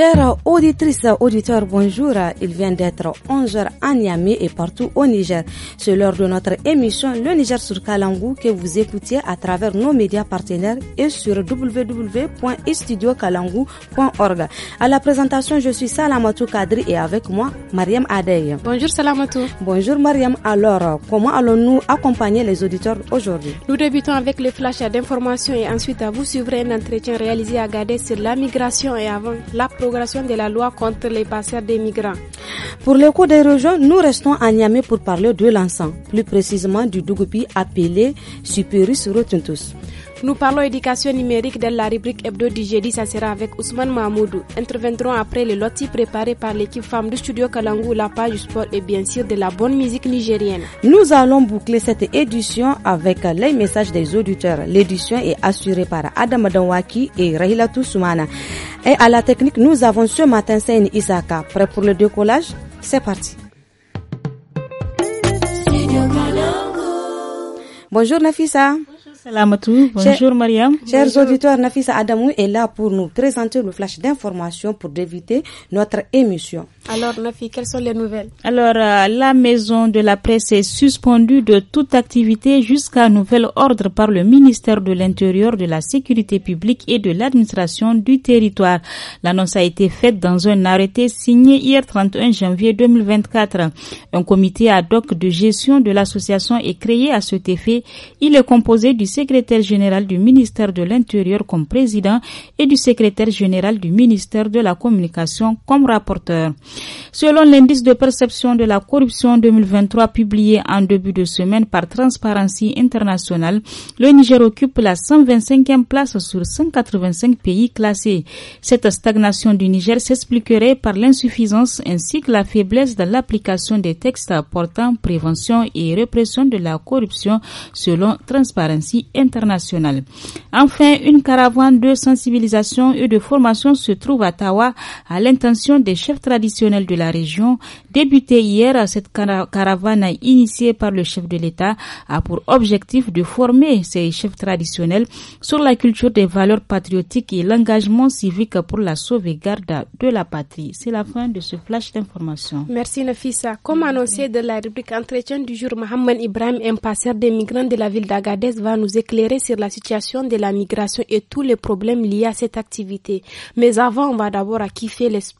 Chers auditrices, auditeurs, bonjour. Il vient d'être 11h à Niamey et partout au Niger. C'est l'heure de notre émission Le Niger sur Kalangou que vous écoutiez à travers nos médias partenaires et sur www.estudiokalangou.org. À la présentation, je suis Salamatou Kadri et avec moi, Mariam Adey. Bonjour Salamatou. Bonjour Mariam. Alors, comment allons-nous accompagner les auditeurs aujourd'hui Nous débutons avec le flash d'informations et ensuite à vous suivrez un entretien réalisé à garder sur la migration et avant la de la loi contre les passeurs des migrants. Pour cours des régions, nous restons à Niamey pour parler de l'ensemble, plus précisément du Dougoupi appelé Superus rotuntus. Nous parlons éducation numérique dans la rubrique hebdo du jeudi. Ça sera avec Ousmane Mahmoudou. Interviendront après les lotis préparés par l'équipe femme du studio Kalangu, la page du sport et bien sûr de la bonne musique nigérienne. Nous allons boucler cette édition avec les messages des auditeurs. L'édition est assurée par Adam Danwaki et Rahila Toussoumana. Et à la technique, nous avons ce matin Seine Isaka. Prêt pour le décollage C'est parti. Bonjour Nafisa. Salamatou, bonjour Mariam. Chers auditeurs, Nafisa Adamou est là pour nous présenter le flash d'information pour éviter notre émission. Alors, Nafi, quelles sont les nouvelles Alors, euh, la maison de la presse est suspendue de toute activité jusqu'à nouvel ordre par le ministère de l'Intérieur, de la Sécurité publique et de l'administration du territoire. L'annonce a été faite dans un arrêté signé hier 31 janvier 2024. Un comité ad hoc de gestion de l'association est créé à cet effet. Il est composé du secrétaire général du ministère de l'Intérieur comme président et du secrétaire général du ministère de la Communication comme rapporteur. Selon l'indice de perception de la corruption 2023 publié en début de semaine par Transparency International, le Niger occupe la 125e place sur 185 pays classés. Cette stagnation du Niger s'expliquerait par l'insuffisance ainsi que la faiblesse dans l'application des textes portant prévention et répression de la corruption selon Transparency International. Enfin, une caravane de sensibilisation et de formation se trouve à Tawa à l'intention des chefs traditionnels de la région, débutée hier à cette caravane initiée par le chef de l'État, a pour objectif de former ces chefs traditionnels sur la culture des valeurs patriotiques et l'engagement civique pour la sauvegarde de la patrie. C'est la fin de ce flash d'information. Merci Nafisa. Comme annoncé de la rubrique entretien du jour, Mohamed Ibrahim, un passeur des migrants de la ville d'Agadez, va nous éclairer sur la situation de la migration et tous les problèmes liés à cette activité. Mais avant, on va d'abord à kiffer l'esprit.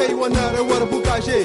kai wannan rawar bukashe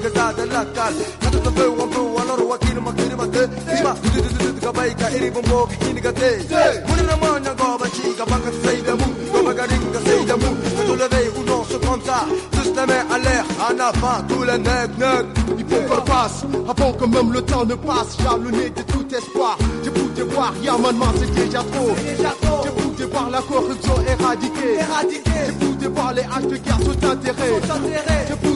de dalakal hada dambe wambu walor wakil makir mate ima gabai ka iri bombo kin gate muni na mona go bachi ka bakat sayda mu go magarin ka sayda mu Tu le veille ou non se comme ça tous les mains à l'air en avant tout le nec nec il faut qu'on passe avant que même le temps ne passe jalonné de tout espoir je pour te voir yamanman c'est déjà trop j'ai pour te voir la corruption éradiquée éradiquée j'ai pour te voir les haches de guerre sont enterrés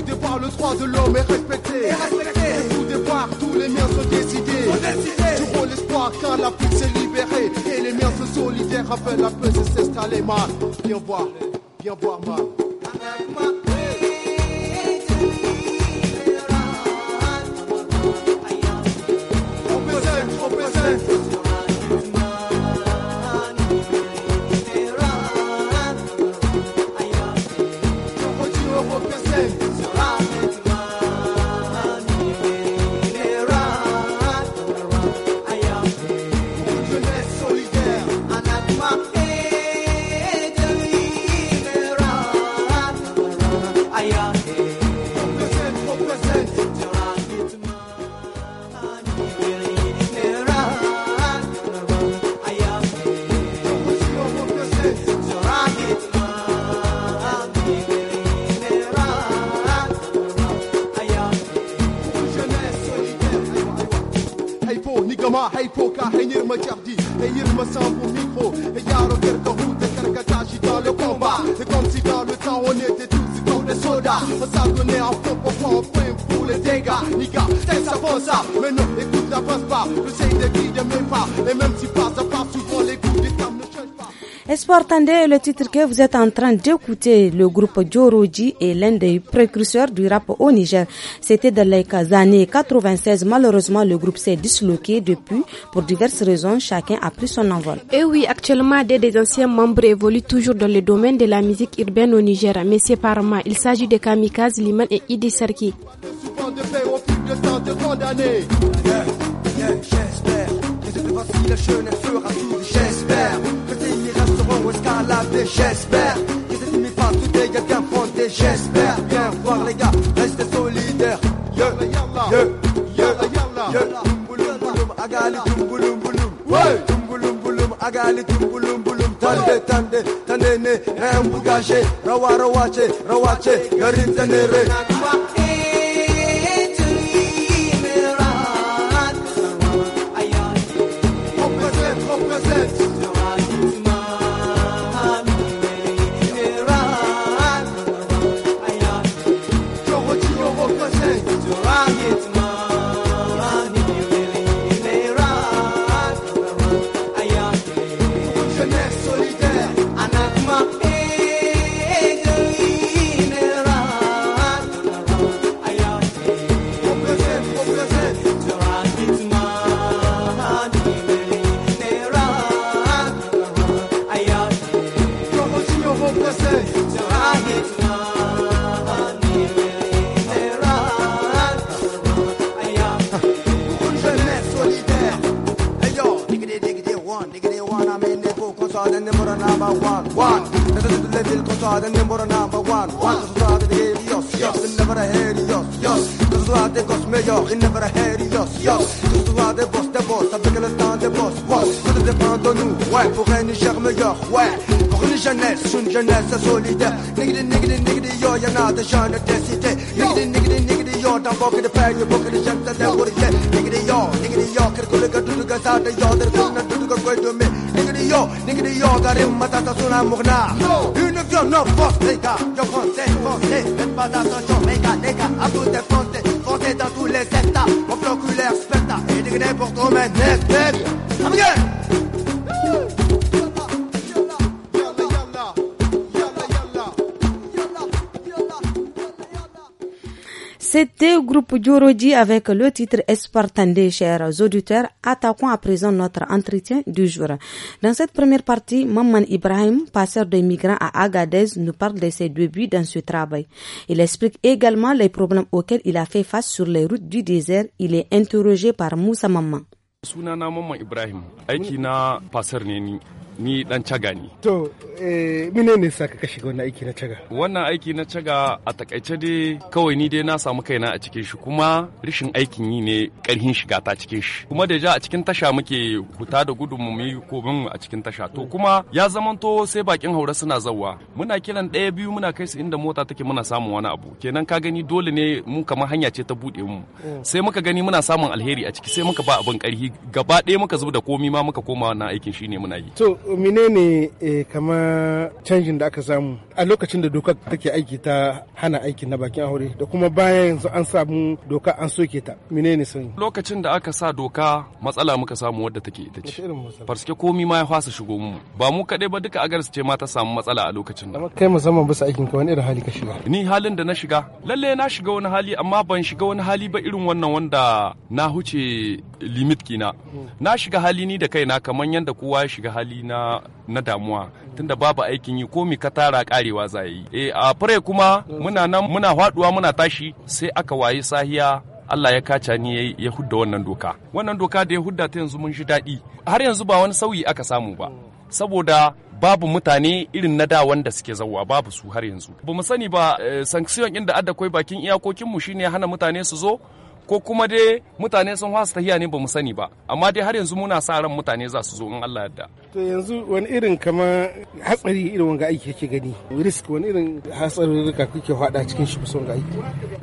de l'homme est respecté. Et bout Tout départ, tous les miens sont décidés. vois l'espoir, quand la pute s'est libérée. Et les miens sont solidaires, peu la paix, c'est s'installer mal. Viens voir, viens voir mal. le titre que vous êtes en train d'écouter, le groupe Rogi est l'un des précurseurs du rap au Niger. C'était dans les années 96. Malheureusement, le groupe s'est disloqué depuis pour diverses raisons. Chacun a pris son envol. Et eh oui, actuellement, des, anciens membres évoluent toujours dans le domaine de la musique urbaine au Niger, mais séparément. Il s'agit de Kamikaze, Liman et Idi Serki. Oscar Lavé, j'espère qu'ils estiment pas tout des gars bien fondés, j'espère bien voir les gars, restez solidaires. Yo, yo, yo, yo, boulum boulum, agali tum boulum boulum, ouais, tum boulum boulum, agali tum boulum boulum, tande tande, tande ne, rien bougager, rawa rawache, rawache, garin tanere. Aujourd'hui, avec le titre Espartandé, chers auditeurs. Attaquons à présent notre entretien du jour. Dans cette première partie, Maman Ibrahim, passeur de migrants à Agadez, nous parle de ses débuts dans ce travail. Il explique également les problèmes auxquels il a fait face sur les routes du désert. Il est interrogé par Moussa Maman. sunana mamman ibrahim na ni dan caga ne. To, eh, mine ne sa ka shiga wannan aiki na caga? Wannan aiki na caga a takaice dai kawai ni dai na samu kaina a cikin shi kuma rishin aikin yi ne karhin shiga ta cikin shi. Kuma da ja a cikin tasha muke huta da gudun mu yi a cikin tasha. To kuma ya zamanto sai bakin haura suna zawa. Muna kiran ɗaya biyu muna kai su inda mota take muna samun wani abu. Kenan ka gani dole ne mu kamar hanya ce ta buɗe mu. Mm. Sai muka gani muna samun alheri a ciki sai muka ba abin karhi gaba ɗaya muka zuba da komi ma muka koma wannan aikin shine muna yi. To ne eh, kama canjin da aka samu a lokacin da dokar take aiki ta hana aiki na bakin aure da kuma bayan yanzu an samu doka an soke ta ne sun lokacin da aka sa doka matsala muka samu wadda take ita ce farske komi ma ya fasa shigo mu ba mu kadai ba duka agarsu ce ma ta samu matsala a lokacin da kai musamman bisa aikin ka wani irin hali ka shiga ni halin da na shiga lalle na shiga wani hali amma ban shiga wani hali ba irin wannan wanda na huce limit kina hmm. na shiga hali ni da kaina kamar yadda kowa ya shiga hali na na na damuwa tunda babu aikin yi komi ka tara karewa za yi eh a fure kuma muna nan muna faduwa muna tashi sai aka wayi sahiya Allah ya kaca ni ya hudda wannan doka wannan doka da ya hudda ta yanzu mun shi daɗi har yanzu ba wani sauyi aka samu ba saboda babu mutane irin na da wanda suke zauwa babu su har yanzu ba mu sani ba eh, sanction inda adda koi bakin iyakokinmu shine hana mutane su zo ko kuma dai mutane sun fasa tahiya ne mu sani ba amma dai har yanzu muna sa ran mutane za su zo in Allah yarda to yanzu wani irin kama hatsari irin wanga aiki kake gani risk wani irin rika kuke fada cikin shi kusan ga aiki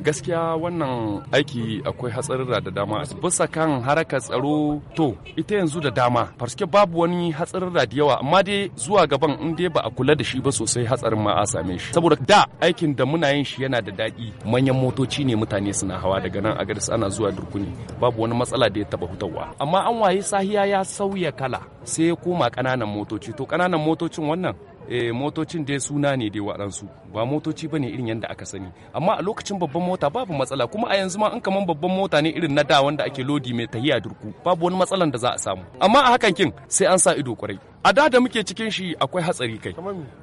gaskiya wannan aiki akwai hatsarin da dama bisa kan harakar tsaro to ita yanzu da dama farske babu wani hatsarin da yawa amma dai zuwa gaban in dai ba a kula da shi ba sosai hatsarin ma a same shi saboda da aikin da muna yin shi yana da daɗi manyan motoci ne mutane suna hawa daga nan a garisa. ana zuwa durkuni babu wani matsala da ya taba hutawa amma an waye sahiya ya sauya kala sai ya koma kananan motoci to kananan motocin wannan e, motocin dai suna ne dai waɗansu ba motoci ba ne irin yadda aka sani amma a lokacin babban mota babu matsala kuma a yanzu ma an kaman babban mota ne irin na da wanda ake lodi mai tahiya durku babu wani matsalan da za a samu amma a hakan kin sai an sa ido kwarai a da da muke cikin shi akwai hatsari kai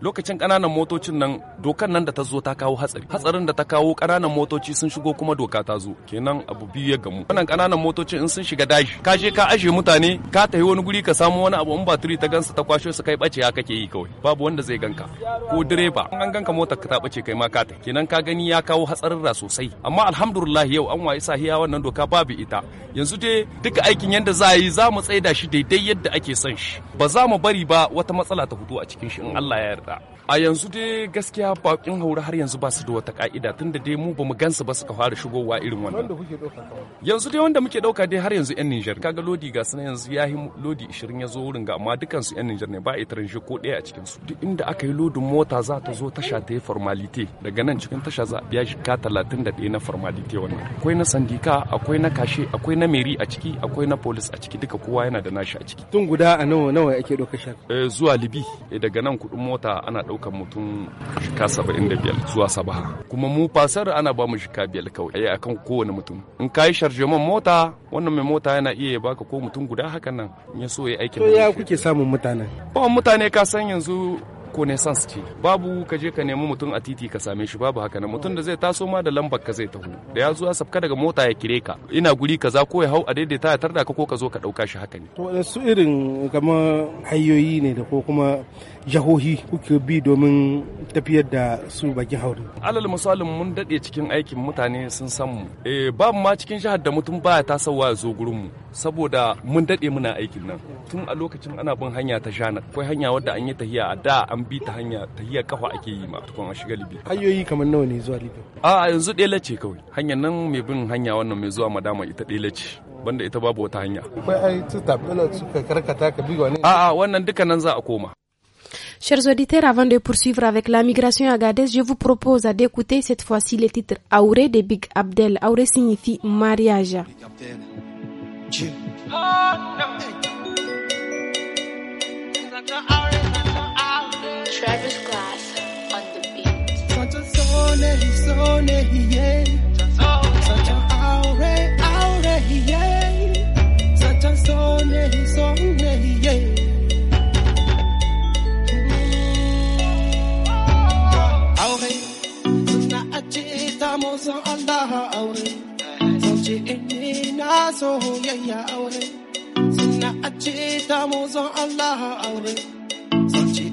lokacin kananan motocin nan dokan nan da ta zo ta kawo hatsari hatsarin da ta kawo kananan motoci sun shigo kuma doka ta zo kenan abu biyu ya gamu wannan kananan motoci in sun shiga daji ka je ka ashe mutane ka tafi wani guri ka samu wani abu in batiri ta su ta kwashe su kai bace ya kake yi kawai babu wanda zai ganka ko direba in an ganka motar ka ta bace kai ma ka ta kenan ka gani ya kawo hatsarin ra sosai amma alhamdulillah yau an wayi sahiya wannan doka babu ita yanzu dai duka aikin yanda za a yi za mu tsaida shi daidai yadda ake son shi ba za mu bari ba wata matsala ta fito a cikin shi in Allah ya yarda a yanzu dai gaskiya bakin haura har yanzu ba su da wata ka'ida da dai mu bamu gansu ba suka fara shigowa irin wannan yanzu dai wanda muke dauka dai har yanzu yan Niger kaga lodi ga suna yanzu yahi lodi 20 ya zo wurin ga amma dukan su yan Niger ne ba a itiran shi ko daya a cikin su duk inda aka yi lodin mota za ta zo tasha ta yi formalite daga nan cikin tasha za a biya shi ka 31 na formalite wannan akwai na sandika akwai na kashe akwai na meri a ciki akwai na police a ciki duka kowa yana da nashi a ciki tun guda a nawa nawa ake dauka shi eh, zuwa libi eh, daga nan kudin mota ana dauka ɗaukar mutum shika saba'in da biyar zuwa saba'a kuma mu fasar ana ba mu shika biyar kawai a akan kowane mutum in ka yi sharjoman mota wannan mai mota yana iya ya baka ko mutum guda hakan nan ya so ya aikin to ya kuke samun mutanen ba mutane ka san yanzu nesans ce babu ka je ka nemi mutum a titi ka same shi babu haka nan mutum da zai taso ma da lambar ka zai taho da ya zo ya sabka daga mota ya kire ka ina guri kaza ko ya hau a daidaita ya tarda ka ko ka zo ka dauka shi haka ne to su irin kamar hanyoyi ne da ko kuma jahohi kuke bi domin tafiyar da su baki hauri alal misalin mun dade cikin aikin mutane sun san mu eh ma cikin jihar da mutum baya tasowa ya zo gurin mu saboda mun dade muna aikin nan tun a lokacin ana bin hanya ta jana akwai hanya wadda an yi tahiya a da an bi ta hanya ta hiya kafa ake yi ma tukun a shiga libi hanyoyi kamar nawa ne zuwa libi a yanzu ɗela ce kawai hanyar nan mai bin hanya wannan mai zuwa madama ita ɗela ce banda ita babu wata hanya akwai ai ta tabela suka karkata ka bi wani a a wannan duka nan za a koma Chers auditeurs, avant de poursuivre avec la migration à Gadez, je vous propose d'écouter cette fois-ci le titre Auré de Big Abdel. Auré signifie mariage. Big Travis Glass on the beat. Chantasone, yeah. hiye. Chantaure, aure, hiye. Chantasone, hisone, hiye. Aure, suna ace ta Allah aure. Sauce inni na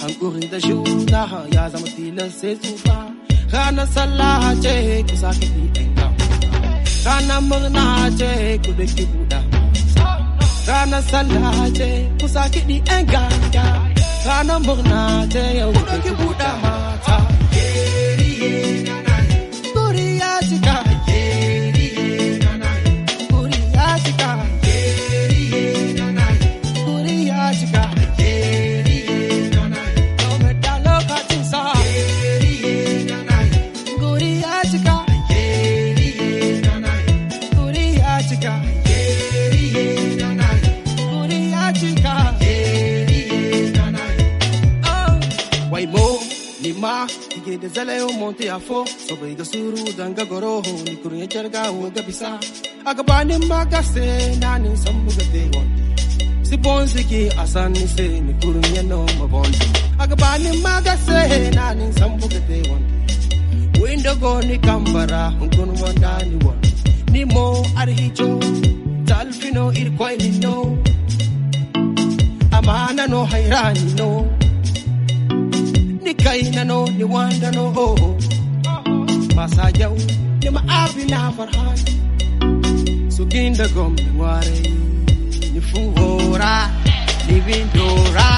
Hankurin da juna ya zama tilan sai tsufa. Ranar sallah ce ku sa ka ɗanka. Ranar murna ce ku da ki buɗa. Ranar sallah ce ku sa kiɗi ‘yan ganga. Ranar murna ce yau ku da ki buɗa mata. zaleyo monte a fo sobe ga suru danga goroho ni kuruye jarga wo ga bisa agabani magase nani sambuga de won si bonzi ki asani se ni kuruye no mabonzi agabani magase nani sambuga de won windo go ni kambara ngun wanda ni won ni mo arhijo talfino ir koy ni no amana no hairani no ni kaina no ni wanda no masajau oh, oh. ni maabi na farhan suginda gom ni ware ni fuora ni vindora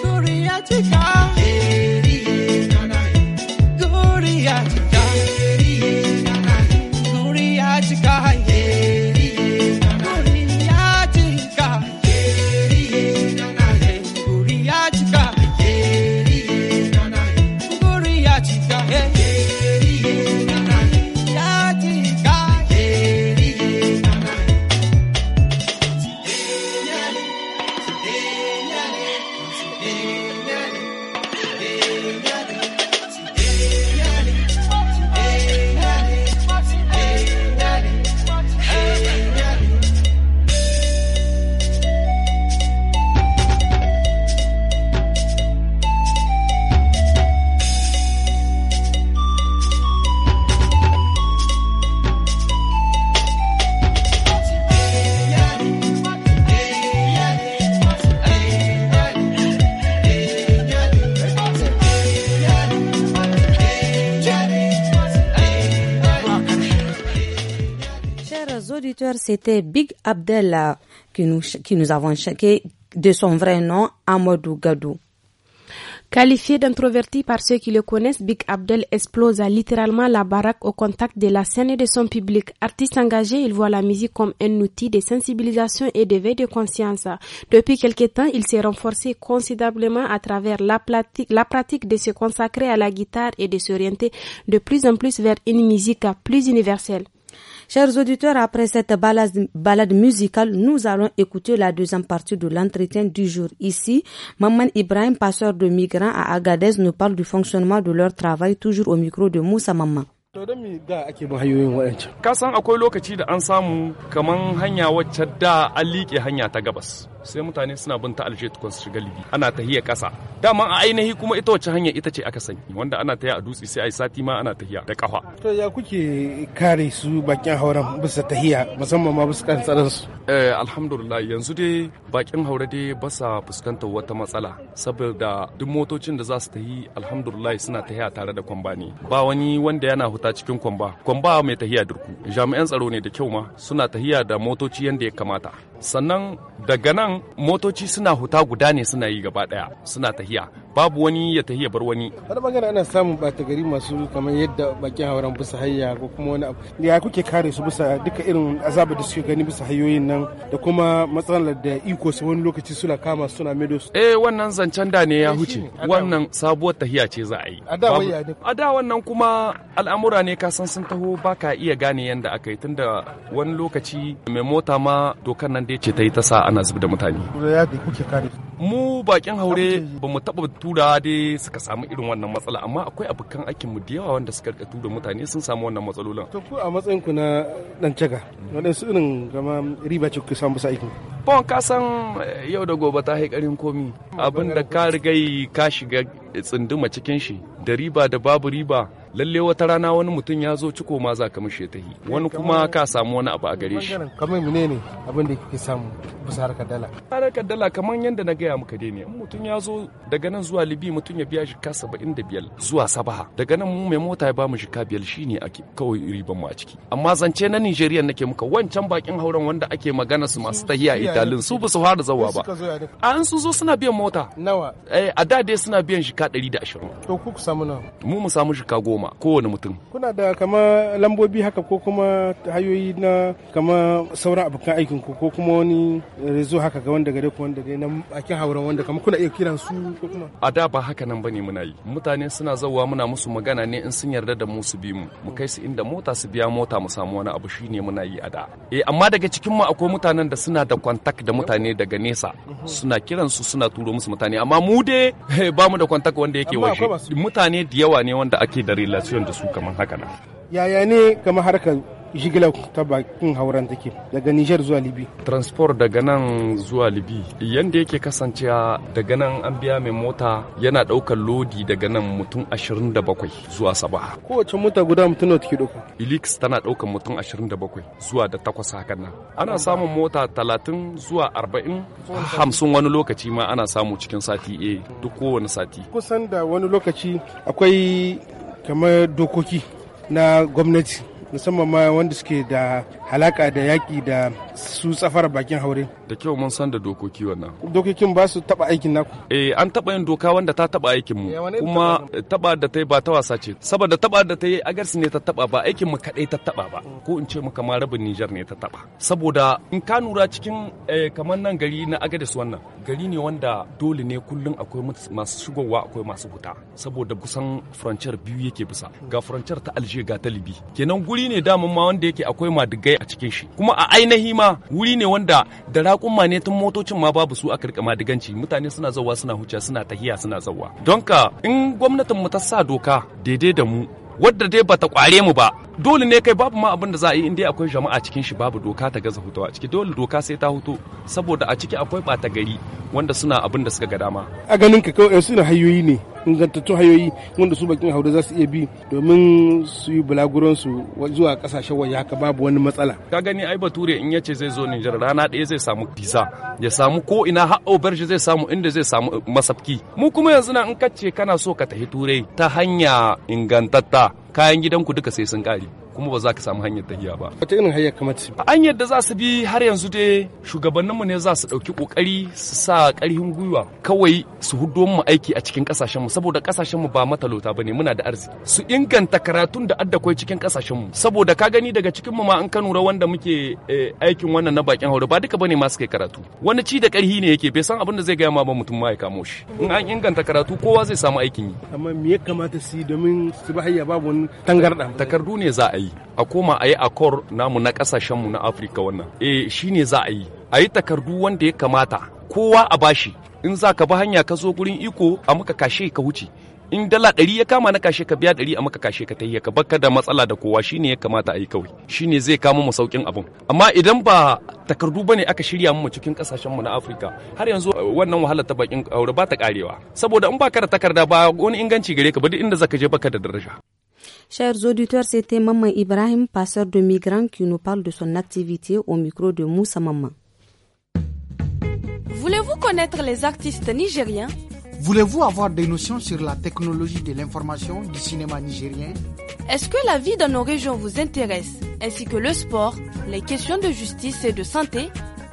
Sorry, I c'était Big Abdel que nous, nous avons checké de son vrai nom, Amadou Gadou. Qualifié d'introverti par ceux qui le connaissent, Big Abdel explosa littéralement la baraque au contact de la scène et de son public. Artiste engagé, il voit la musique comme un outil de sensibilisation et de d'éveil de conscience. Depuis quelques temps, il s'est renforcé considérablement à travers la la pratique de se consacrer à la guitare et de s'orienter de plus en plus vers une musique plus universelle. Chers auditeurs, après cette balade, musicale, nous allons écouter la deuxième partie de l'entretien du jour. Ici, Maman Ibrahim, passeur de migrants à Agadez, nous parle du fonctionnement de leur travail, toujours au micro de Moussa Maman. sai mutane suna bin ta alje tukun shiga libi ana tahiya kasa dama a ainihi kuma ita wacce hanya ita ce aka sani wanda ana tahiya a dutse sai yi sati ma ana tahiya da kafa to ya kuke kare su bakin hauren bisa tahiya musamman ma bisa kan tsaron su eh alhamdulillah yanzu dai bakin haure dai ba sa fuskantar wata matsala saboda duk motocin da za su tahi alhamdulillah suna tahiya tare da kwamba ne ba wani wanda yana huta cikin kwamba kwamba mai tahiya durku jami'an tsaro ne da kyau ma suna tahiya da motoci yadda ya kamata sannan daga nan motoci suna huta guda ne suna yi gaba ɗaya suna tahiya babu wani ya tafi ya bar wani wani bangare ana samun bata gari masu kamar yadda bakin hauren bisa hayya ko kuma wani abu ya kuke kare su bisa duka irin azabar da suke gani bisa hayoyin nan da kuma matsalar da iko su wani lokaci suna kama suna medo su eh wannan zancen da ne ya eh, huce wannan sabuwar tahiya ce za a yi a da wannan kuma al'amura ne ka san sun taho ka iya gane yadda aka yi tunda wani lokaci mai mota ma dokar nan da ya ce ta yi ta sa ana zub da mutane mu bakin haure ba mu taɓa tura dai suka samu irin wannan matsala amma akwai abokan aikin mu da yawa wanda suka rika tura mutane sun samu wannan matsalolin to ku a matsayin ku na dan caga su irin gama riba ce ku samu sa aikin bon ka san eh, yau da gobe ta haikarin komi hmm. abin da ka riga ka shiga tsinduma cikin shi da riba da babu riba lalle wata rana wani mutum ya zo ciko ma za ka mishe ta yi wani kuma ka samu wani abu a gare shi kamar mene ne abin da kike samu bisa harkar dala harkar dala kamar yadda na gaya muka dai ne in mutum ya zo daga nan zuwa libi mutum ya biya shi ka saba'in da biyar zuwa sabaha daga nan mu mai mota ya ba mu shi ka biyar shi ne ake kawai riban mu a ciki amma zance na nigeria nake muka wancan bakin hauren wanda ake magana su masu tahiya italin su ba su fara zawa ba an su zo suna biyan mota eh, a da dai suna biyan shi jika 120 to ku ku samu na mu mu samu jika goma kowane mutum kuna da kama lambobi haka ko kuma hayoyi na kama sauran abokan aikin ku ko kuma wani rezo haka ga wanda gare ku wanda gare na akin hauren wanda kama kuna iya kiran su ko kuma a da ba haka nan bane muna yi mutane suna zawa muna musu magana ne in sun yarda da mu su bi mu mu kai su inda mota su biya mota mu samu wani abu shine muna yi a da eh amma daga cikin mu akwai mutanen da suna da kwantak da mutane daga nesa mhm. suna kiran su suna turo musu mutane amma mu dai eh, ba mu da kwantak haka wanda yake waje mutane da yawa ne wanda ake da relation da su kamar haka yaya ne kamar harkar jigilar ta bakin hauren take daga Nijar zuwa Libi. Transport daga nan zuwa Libi yadda yake kasancewa daga nan an biya mai mota yana daukar lodi daga nan mutum 27 zuwa saba. Kowace mota guda mutum na take ɗauka. Ilix tana ɗaukar mutum 27 zuwa da takwas hakan nan. Ana samun mota 30 zuwa 40 hamsin wani lokaci ma ana samu cikin sati A eh, duk kowane sati. Kusan da wani lokaci akwai kamar dokoki na gwamnati musamman ma wanda suke da halaka da yaƙi da su tsafara bakin haure. Da kyau mun san da dokoki wannan. Dokokin ba su taɓa aikin naku. Eh an taɓa yin doka wanda ta taɓa aikin mu eh, kuma taɓa da ta yi ba ta wasa ce saboda taɓa da ta yi agarsu ne ta taɓa ba aikin mu kaɗai ta taɓa ba ko in ce maka ma rabin Nijar ne ta taɓa saboda in ka nura cikin eh, kamar nan gari na agadis wannan gari ne wanda dole ne kullum akwai masu shigowa akwai masu fita saboda kusan frontier biyu yake bisa ga frontier ta Alger ga ta Libya kenan guri wuri ne daman ma wanda yake akwai madigai a cikin shi kuma a ainihi ma wuri ne wanda da raƙumma ne tun motocin ma babu su aka rika madiganci mutane suna zawa suna huce suna tahiya suna zawa don ka in gwamnatin mu ta sa doka daidai da mu wadda dai bata kware mu ba dole ne kai babu ma abin da za a yi in dai akwai jama'a cikin shi babu doka ta gaza hutawa ciki dole doka sai ta huto saboda a ciki akwai bata gari wanda suna abin da suka ga dama a ganin ka kawai suna hayoyi ne ingantattun hanyoyi wanda su bakin haure za su iya bi domin su yi su zuwa kasashen waje haka babu wani matsala ka gani ai bature in yace zai zo Nijar rana ɗaya zai samu visa ya samu ko ina har auberge zai samu inda zai samu eh, masafki mu kuma yanzu na in kace kana so ka tafi turai ta hanya ingantatta kayan gidanku duka sai sun kare kuma ba za ka samu hanyar tahiya ba. Wata irin hanyar kamar su. Hanyar da za su bi har yanzu dai shugabanninmu ne za su ɗauki ƙoƙari su sa ƙarfin gwiwa kawai su hudo mu aiki a cikin ƙasashenmu saboda ƙasashenmu ba matalauta ba ne muna da arziki. Su inganta karatun da addakwai cikin ƙasashenmu saboda ka gani daga cikinmu ma an kanura wanda muke eh, aikin wannan na bakin haure ba duka bane ma kai karatu. Wani ci da ƙarhi ne yake bai san abin da zai gaya ma ba mutum ma ya kamo shi. In an inganta karatu kowa zai samu aikin yi. Amma me ya kamata su yi domin su babu wani tangarɗa takardu ne za a yi a koma a yi akor namu na mu na afirka wannan E, shi ne za a yi a yi takardu wanda ya kamata kowa a bashi in za ka bi hanya ka zo gurin iko a maka kashe ka wuce in dala ɗari ya kama na kashe ka biya ɗari a maka kashe ka tahiya ka da matsala da kowa shine ya kamata a yi kawai Shi ne zai kama mu saukin abin amma idan ba takardu ba ne aka shirya mu cikin kasashen mu na Afirka har yanzu eh, wannan wahalar ta bakin aure ba ta karewa saboda in baka da takarda ba wani inganci gare ka ba duk inda zaka je baka da daraja Chers auditeurs, c'était Maman Ibrahim, passeur de migrants, qui nous parle de son activité au micro de Moussa Maman. Voulez-vous connaître les artistes nigériens Voulez-vous avoir des notions sur la technologie de l'information du cinéma nigérien Est-ce que la vie dans nos régions vous intéresse, ainsi que le sport, les questions de justice et de santé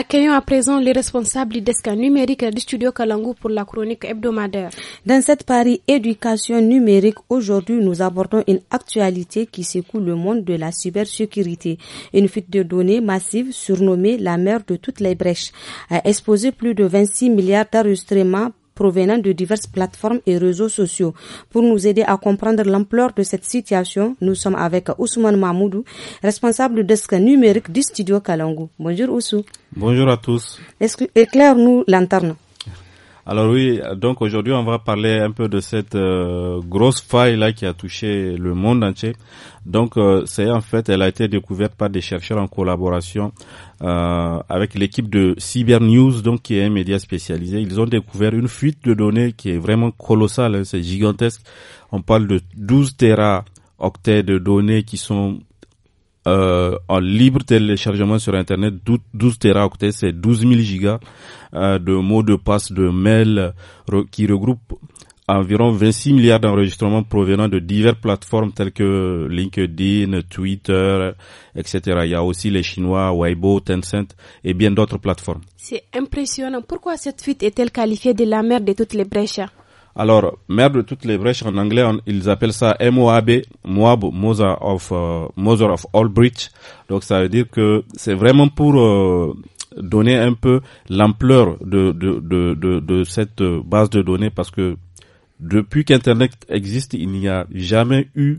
Accueillons à présent les responsables d'ESCA numérique du studio Kalangu pour la chronique hebdomadaire. Dans cette Paris éducation numérique, aujourd'hui, nous abordons une actualité qui secoue le monde de la cybersécurité. Une fuite de données massive surnommée la mère de toutes les brèches a exposé plus de 26 milliards d'enregistrements provenant de diverses plateformes et réseaux sociaux. Pour nous aider à comprendre l'ampleur de cette situation, nous sommes avec Ousmane Mahmoudou, responsable desk numérique du studio Kalangu. Bonjour Ousmane. Bonjour à tous. Éclaire-nous lanterne. Alors oui, donc aujourd'hui on va parler un peu de cette euh, grosse faille là qui a touché le monde entier. Donc euh, c'est en fait, elle a été découverte par des chercheurs en collaboration euh, avec l'équipe de Cyber News, donc qui est un média spécialisé. Ils ont découvert une fuite de données qui est vraiment colossale, hein, c'est gigantesque. On parle de 12 téraoctets octets de données qui sont euh, en libre téléchargement sur Internet, 12, teraoctets, c'est 12 000 gigas euh, de mots de passe, de mail qui regroupe environ 26 milliards d'enregistrements provenant de diverses plateformes telles que LinkedIn, Twitter, etc. Il y a aussi les Chinois, Weibo, Tencent et bien d'autres plateformes. C'est impressionnant. Pourquoi cette fuite est-elle qualifiée de la mère de toutes les brèches alors, mère de toutes les brèches en anglais, ils appellent ça MOAB, Moab, Mother of, euh, of All Breach. Donc, ça veut dire que c'est vraiment pour euh, donner un peu l'ampleur de, cette base de données parce que depuis qu'Internet existe, il n'y a jamais eu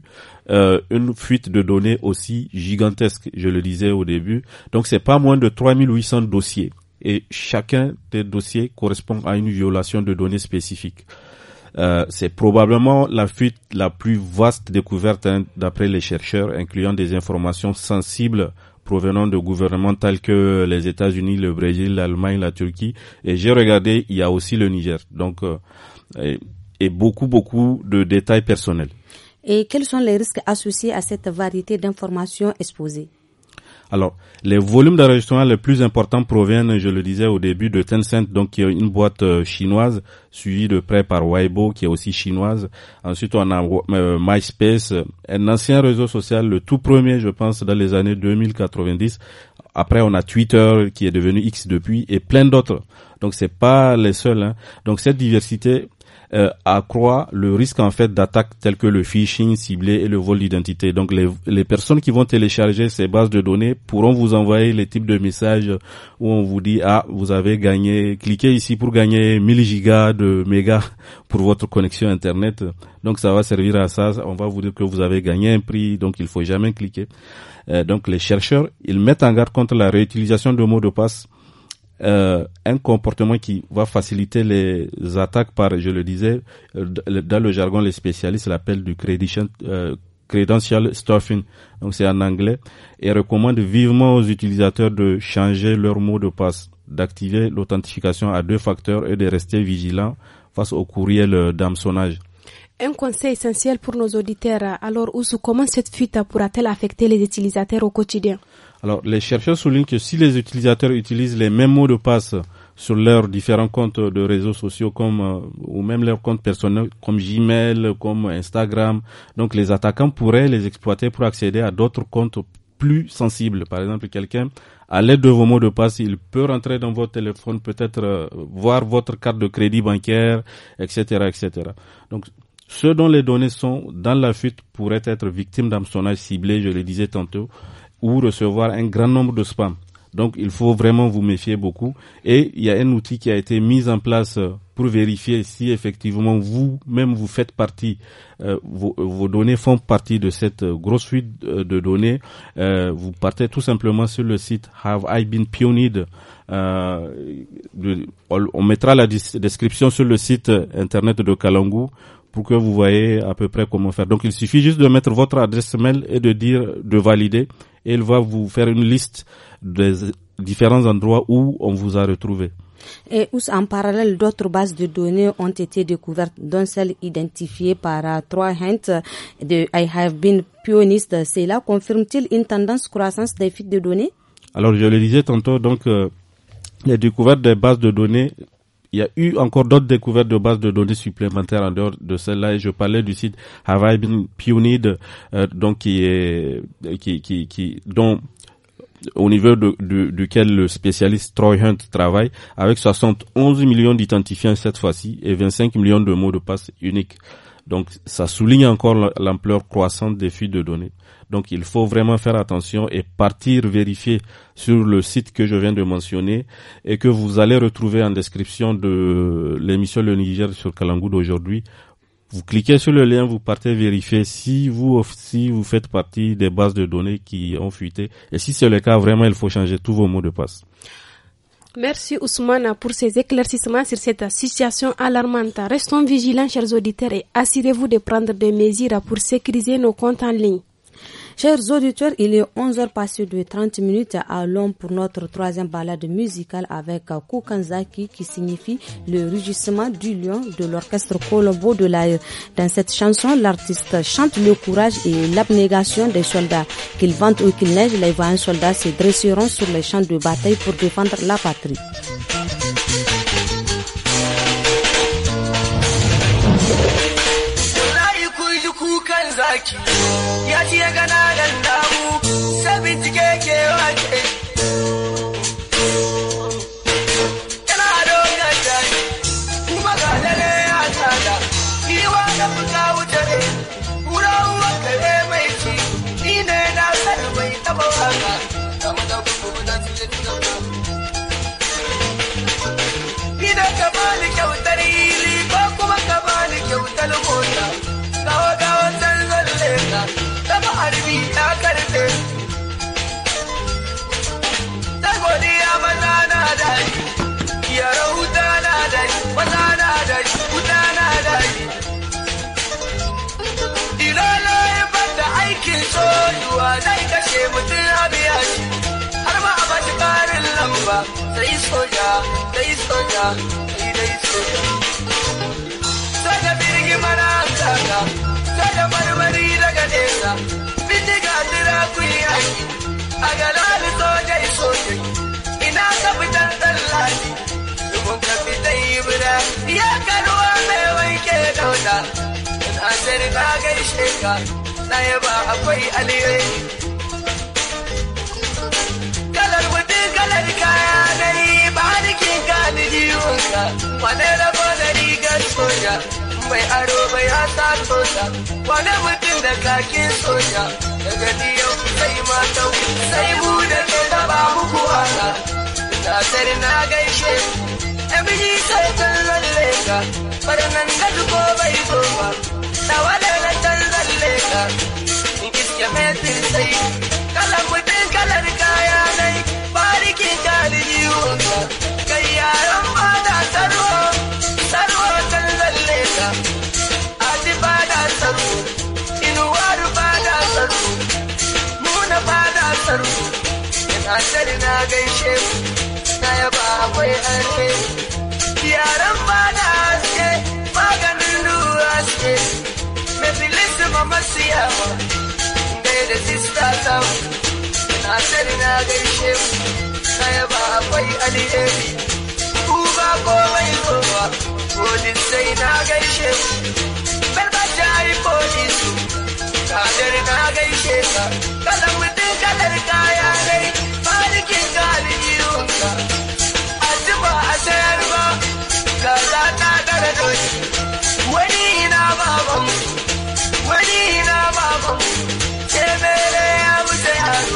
euh, une fuite de données aussi gigantesque, je le disais au début. Donc c'est pas moins de 3800 dossiers. Et chacun des dossiers correspond à une violation de données spécifiques. Euh, c'est probablement la fuite la plus vaste découverte hein, d'après les chercheurs, incluant des informations sensibles provenant de gouvernements tels que les États-Unis, le Brésil, l'Allemagne, la Turquie. Et j'ai regardé, il y a aussi le Niger. Donc, euh, et, et beaucoup, beaucoup de détails personnels. Et quels sont les risques associés à cette variété d'informations exposées alors, les volumes d'enregistrement les plus importants proviennent, je le disais au début, de Tencent, donc qui est une boîte euh, chinoise, suivie de près par Weibo, qui est aussi chinoise. Ensuite, on a euh, MySpace, un ancien réseau social, le tout premier, je pense, dans les années 2090. Après, on a Twitter, qui est devenu X depuis, et plein d'autres. Donc, c'est pas les seuls. Hein. Donc, cette diversité accroît euh, le risque en fait d'attaques telles que le phishing ciblé et le vol d'identité. Donc les, les, personnes qui vont télécharger ces bases de données pourront vous envoyer les types de messages où on vous dit ah vous avez gagné, cliquez ici pour gagner 1000 gigas de mégas pour votre connexion internet. Donc ça va servir à ça. On va vous dire que vous avez gagné un prix, donc il faut jamais cliquer. Euh, donc les chercheurs ils mettent en garde contre la réutilisation de mots de passe euh, un comportement qui va faciliter les attaques par, je le disais, euh, dans le jargon, les spécialistes l'appellent du euh, credential, stuffing, donc c'est en anglais, et recommande vivement aux utilisateurs de changer leur mot de passe, d'activer l'authentification à deux facteurs et de rester vigilant face aux courriels d'hameçonnage. Un conseil essentiel pour nos auditeurs. Alors, Ousu, comment cette fuite pourra-t-elle affecter les utilisateurs au quotidien alors, les chercheurs soulignent que si les utilisateurs utilisent les mêmes mots de passe sur leurs différents comptes de réseaux sociaux comme euh, ou même leurs comptes personnels comme Gmail, comme Instagram. Donc les attaquants pourraient les exploiter pour accéder à d'autres comptes plus sensibles. Par exemple, quelqu'un à l'aide de vos mots de passe, il peut rentrer dans votre téléphone, peut-être euh, voir votre carte de crédit bancaire, etc., etc. Donc ceux dont les données sont dans la fuite pourraient être victimes d'hameçonnage ciblé, je le disais tantôt ou recevoir un grand nombre de spams. Donc il faut vraiment vous méfier beaucoup. Et il y a un outil qui a été mis en place euh, pour vérifier si effectivement vous-même vous faites partie, euh, vos, données font partie de cette euh, grosse suite de données. vous partez tout simplement sur le site Have I Been Pioneered. on mettra la description sur le site internet de Kalangu pour que vous voyez à peu près comment faire. Donc il suffit juste de mettre votre adresse mail et de dire de valider et va vous faire une liste des différents endroits où on vous a retrouvé. Et où, en parallèle, d'autres bases de données ont été découvertes, dont celle identifiée par trois hints de I have been pioniste. Cela confirme-t-il une tendance croissance des fuites de données? Alors, je le disais tantôt, donc, euh, les découvertes des bases de données il y a eu encore d'autres découvertes de bases de données supplémentaires en dehors de celle-là. Et je parlais du site Have I euh, donc qui est qui qui dont au niveau duquel le spécialiste Troy Hunt travaille, avec 71 millions d'identifiants cette fois-ci et 25 millions de mots de passe uniques. Donc ça souligne encore l'ampleur croissante des fuites de données. Donc il faut vraiment faire attention et partir vérifier sur le site que je viens de mentionner et que vous allez retrouver en description de l'émission Le Niger sur Kalangou d'aujourd'hui. Vous cliquez sur le lien, vous partez vérifier si vous si vous faites partie des bases de données qui ont fuité. Et si c'est le cas, vraiment, il faut changer tous vos mots de passe. Merci Ousmane pour ces éclaircissements sur cette situation alarmante. Restons vigilants, chers auditeurs, et assurez-vous de prendre des mesures pour sécuriser nos comptes en ligne. Chers auditeurs, il est 11h passé de 30 minutes à Londres pour notre troisième balade musicale avec Kukanzaki qui signifie le rugissement du lion de l'orchestre Colombo de l'Aïe. Dans cette chanson, l'artiste chante le courage et l'abnégation des soldats. Qu'il vente ou qu'il neige, les voyants soldats se dresseront sur les champs de bataille pour défendre la patrie. ya ce na kama da da harbi na karfe ta godiya maza na dari yara huta na dari maza na dari huta na dari ilolo ya bada aikin soyuwa zai kashe mutum abiya shi har ma a bashi karin lamba sai soja sai soja sai dai soja soja birgimar an saka soja marmari daga nesa na kuli aiki a galali sojai sojai ina kafitan tallafi dubun kafitan ibra ya karuwa mai wanke dauda in asir na gaishe ka na yaba akwai alheri kalar mutum kalar kaya na yi ba nake gani jiwonka wane rabo da rigar soja mai aro bai hata soja wane mutum da kakin soja daga yau sai sai mu da ke taba muku haka tasar na gaishe emiji sai can zalle ka farnan da duko bai koma tawala na can zalle ka iske metin sai kalan mutum kalar kaya nai barikin kalin yiwon ka kai yaran ba ta sani na gaishe su na yaba akwai arfe yaran ba na haske maganin ruwa haske mefilisi mama siyawa yawa? da sista sam na sani na gaishe su na yaba akwai alheri uba komai kowa kodin sai na gaishe su belbaja yi kodin su kadar na gaishe ka kalan mutum kalar kaya dai bakin gani yiwuka a ci a sayar ba ga za ta dara wani ina baban wani na baban ce mere ya wuce yaro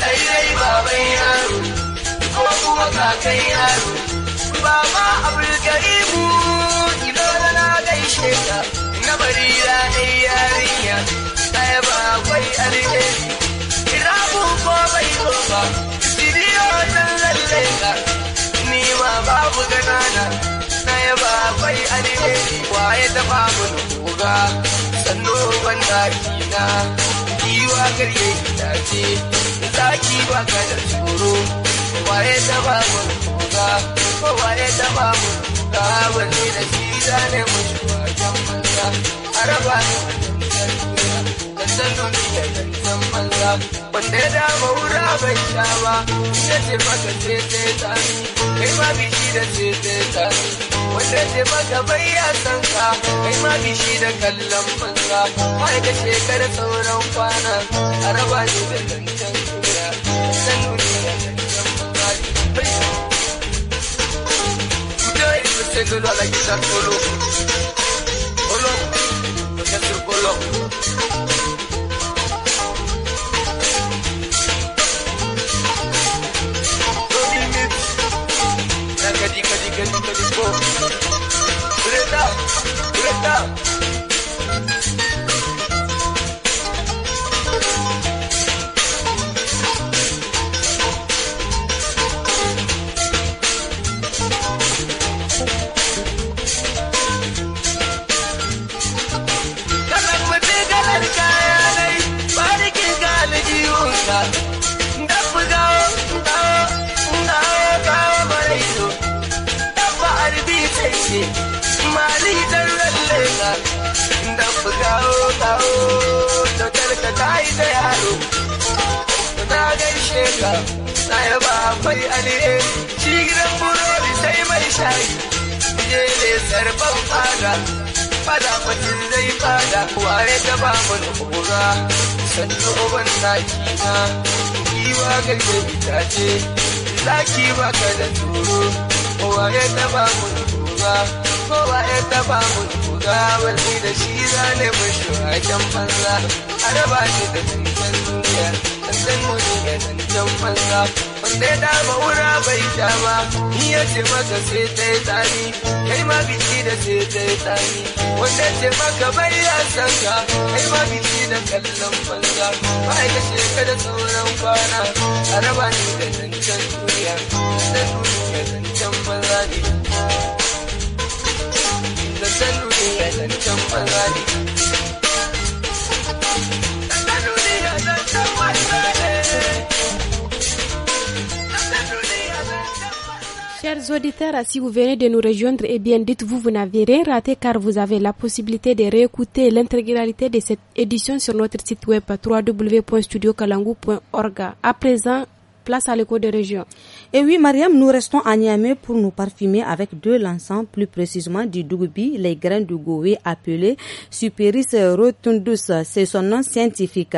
sai dai baban yaro ko kuma kakan yaro baba abulkarimu idan na gaishe ka na bari ya ɗai yarinya ɗaya ba akwai alheri ina ko bai zo ba babu ganana na yaba akwai alheri waye dafa mana koga sannu ban da kina kiwa karye itace zaki ba ka da tsoro ya dafa mana koga waye dafa mana koga wanne da shi zane mu shi wajen araba ne da sannu ne da matan banza wanda ya dama wura bai sha ba ita ce maka ce ce ta kai ma bishi da ce ce ta wanda ce maka bai ya san ka kai ma bishi da kallon banza ai ga shekara sauran kwana a raba ni da zancen kura san duniya zancen banza Today is the second one like it's a polo. Polo, look polo. gente de Preta, preta. kawo kawo kyautar ka ta yi da yaro na gaishe ka na yaba akwai alheri shi gidan burodi sai mai shayi je ne sarfan fada fada mutum zai fada waye da ba mana kura sannu uban naki na kiwa garke itace zaki baka da turo waye da ba mana kura kowa ya taba mu tuga balli da shi zane mu shuhaken banza a raba shi da zancen duniya zancen mu da zancen banza wanda ya dama wura bai sha ba ni ya ce maka sai ta yi tsami kai ma biki da sai ta yi tsami wanda ya ce maka bai ya san ka kai ma biki da kallon banza ba ya sheka da sauran kwana a raba shi da zancen duniya da duniya zancen ne Chers auditeurs, si vous venez de nous rejoindre, eh bien, dites-vous, vous, n'avez rien raté car vous avez la possibilité de réécouter l'intégralité de cette édition sur notre site web www.studiokalangu.org. À présent, place à l'écho de région. Et oui, Mariam, nous restons à Niamey pour nous parfumer avec deux l'encens, plus précisément du Dugubi, les graines du goé appelées Superis rotundus. C'est son nom scientifique.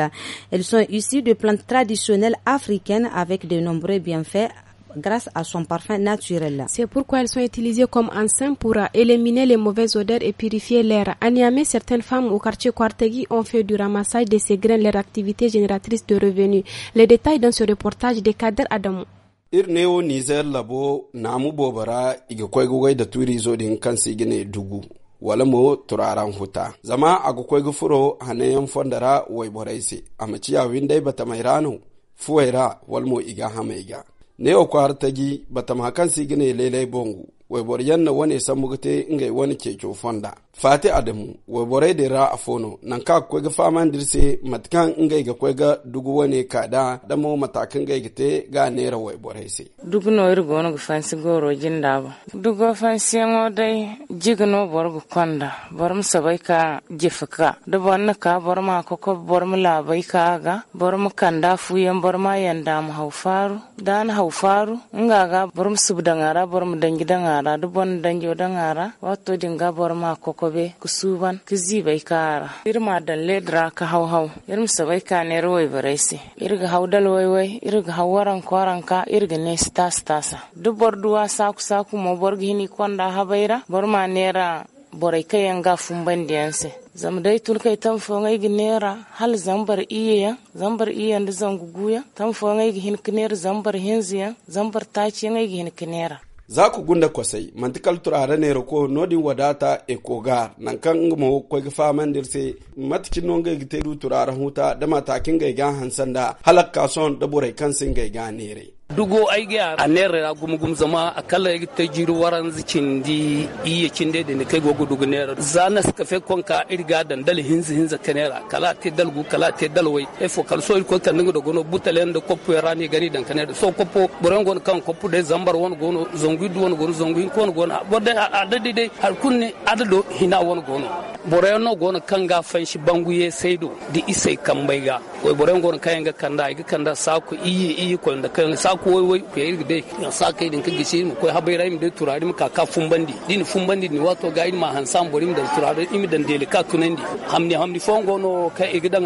Elles sont issues de plantes traditionnelles africaines avec de nombreux bienfaits grâce à son parfum naturel. C'est pourquoi elles sont utilisées comme enceintes pour éliminer les mauvaises odeurs et purifier l'air. À Niamey, certaines femmes au quartier Kwartegui ont fait du ramassage de ces graines leur activité génératrice de revenus. Les détails dans ce reportage des à Adamou. irneo nizer labo namu bobara iga koygugay da turi zodin kansi gine dugu wala mo turaran huta zama aga koygu furo hanayan fondara way borayse ama ciya winday batamairano fuwaira walmo iga hama iga neo kwartagi batama kansi gine lele bongu webor yanna wani samugte nge wani keco fonda fati adamu webore de ra afono nan ka kwega faman dirse matkan nge ga kwega dugu wani kada damo matakan nge gite ga nera webore se dugu no irgo no fansi goro jinda ba dugu fansi ngo dai jigno borgo konda borum sabai ka jefaka da bonna ka ko koko borum labai ka ga borum kanda fuyen borma yanda mu haufaru dan haufaru nga ga borum subdangara borum dangi dangara ŋara di bon danjo da ŋara wato dinga bor ma koko be ku suban ku zibai kara irma dan ledra ka hau hau irim sabai ka ne ruwai baresi irga hau dal wai wai irga hau waran kwaran ka irga ne stas tasa du bor duwa saku saku mo bor gini konda habaira bor ma nera borai kayan gafin bandiyansu zam dai tun kai tan fongai ginera hal zambar iye ya zambar iya da zangugu ya tan fongai gihin kinera zambar hinziya zambar taci ngai gihin kinera za ku gunda kwasai mantikal turare ne rako nodin wadata e koga nan kan mo ko fa mandir se matkin non ga gite turare huta da matakin ga gan hansan da halakka son da burai kan sin ga gane dugo aiga a nere gumugum zama a kala ta jiru waran zikin di iya kin da ne kai gogo dugo Za zana suka fe konka irga dan dal hinzi hinza kanera kala te dalgu kala te dalwai e fo kal so ko kan ngo gono butalen da kopu rani gari dan kanera so kopu buran gon kan kopu de zambar won gono zongu du won gono zongu in kon gono bodde adadi de har kunne adado hina won gono bore no gono kan ga fanshi ye saido di isai kan ga wai boran gono kan ga kanda ga kanda sa ku iye iye ko da kan sa ko wai ko yir ya sa kai din ka gishi mu ko habai rai da turare mu kaka fun bandi din fun bandi ni wato ga in ma hansan borim da turare imi dan dele ka tunandi hamni hamni fon no ka igidan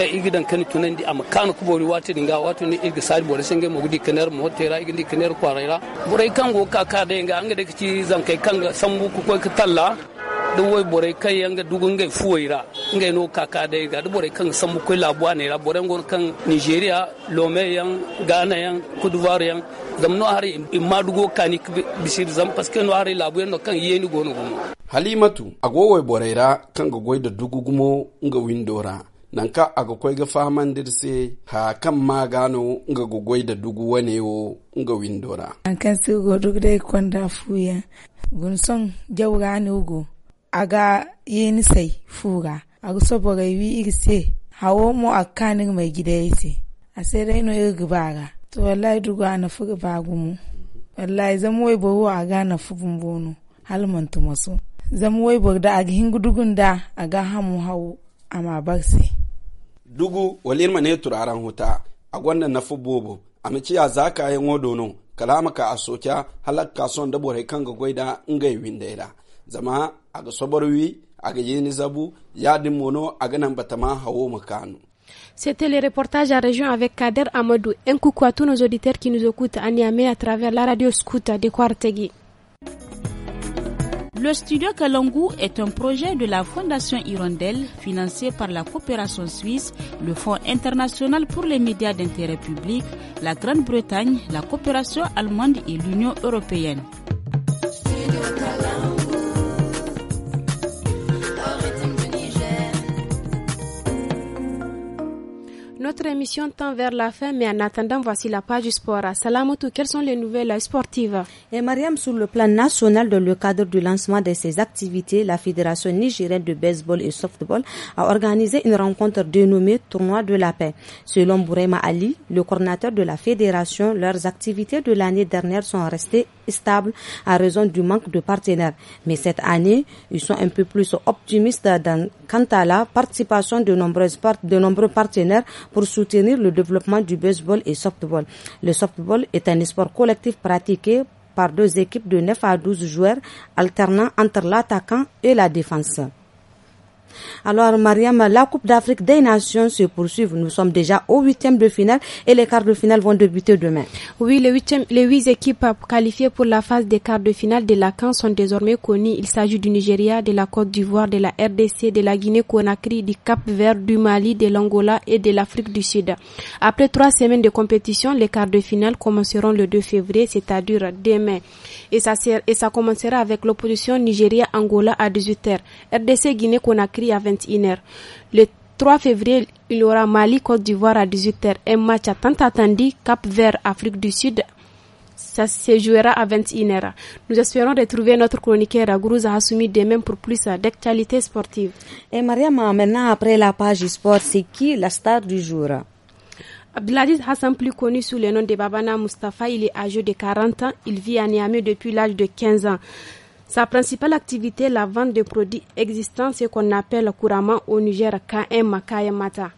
ka igidan kan tunandi am kan ku bori wato din ga wato ni irga sari bori sange mu gudi kanar mu hotera igindi kanar kwaraira borai kan go kaka da de ga an ga de kici zan kai kan sambu ku ko ka talla ɗum woy boray kaŋ yaŋ ga dugu ngey fuwoy no kaka da ga da kan kaŋ sambu koy labuwa ne ra boray gon kaŋ nigeria lome yaŋ ghana yaŋ kuduvar yan zam no hari imma dugo kani bisir zam parce que no hari labu yan no kan yeni gono gono halimatu agowoy bore ra kan ga goida da dugu gumo nga windo ra nan ka aga koi ga faman dirse ha kan ma gano nga gugwai da dugu wane wo nga windora. An kan su go duk dai kwanda fuya. Gunson jawga ne ugo. aga yenisai fuga aga sobora iri irse hawo mo kanin mai gida ya ce a sai raino irgi baga to wallahi dugu ana fuga bagumu wallahi zama wai boro ga na fubun bono halmantu maso zama wai boro da aga hingu dugun da a ga hamu ma bar barse dugu ma ne turaren huta a gwanda na a mace ya za ka yi kalama ka a soca halakka son da borai kan ga da ingai windaida. C'était le reportage à région avec Kader Amadou. Un coucou à tous nos auditeurs qui nous écoutent à Niamey à travers la radio Scout de Kwartegui. Le studio Kalangu est un projet de la Fondation Hirondelle financé par la coopération suisse, le Fonds international pour les médias d'intérêt public, la Grande-Bretagne, la coopération allemande et l'Union européenne. Notre émission tend vers la fin, mais en attendant, voici la page du sport. Salamoto, quelles sont les nouvelles sportives Et Mariam, sur le plan national, dans le cadre du lancement de ses activités, la Fédération nigérienne de baseball et softball a organisé une rencontre dénommée Tournoi de la paix. Selon Bourema Ali, le coordinateur de la fédération, leurs activités de l'année dernière sont restées stable à raison du manque de partenaires. Mais cette année, ils sont un peu plus optimistes quant à la participation de, nombreuses de nombreux partenaires pour soutenir le développement du baseball et softball. Le softball est un sport collectif pratiqué par deux équipes de 9 à 12 joueurs alternant entre l'attaquant et la défense. Alors, Mariam, la Coupe d'Afrique des Nations se poursuit. Nous sommes déjà au huitième de finale et les quarts de finale vont débuter demain. Oui, les, les huit équipes qualifiées pour la phase des quarts de finale de la CAN sont désormais connues. Il s'agit du Nigeria, de la Côte d'Ivoire, de la RDC, de la Guinée-Conakry, du Cap-Vert, du Mali, de l'Angola et de l'Afrique du Sud. Après trois semaines de compétition, les quarts de finale commenceront le 2 février, c'est-à-dire demain. Et ça, et ça commencera avec l'opposition Nigeria-Angola à 18 heures. RDC Guinée-Conakry à 21h. Le 3 février, il y aura Mali-Côte d'Ivoire à 18h. Un match à tant attendu, Cap Vert, Afrique du Sud. Ça se jouera à 21h. Nous espérons retrouver notre chroniqueur Agourouza Hassoumi demain pour plus d'actualités sportives. Et Mariam, maintenant après la page sport, c'est qui la star du jour Abdelaziz Hassan, plus connu sous le nom de Babana Mustafa, il est âgé de 40 ans. Il vit à Niamey depuis l'âge de 15 ans. Sa principale activité est la vente de produits existants, ce qu'on appelle couramment au Niger KM Kayamata.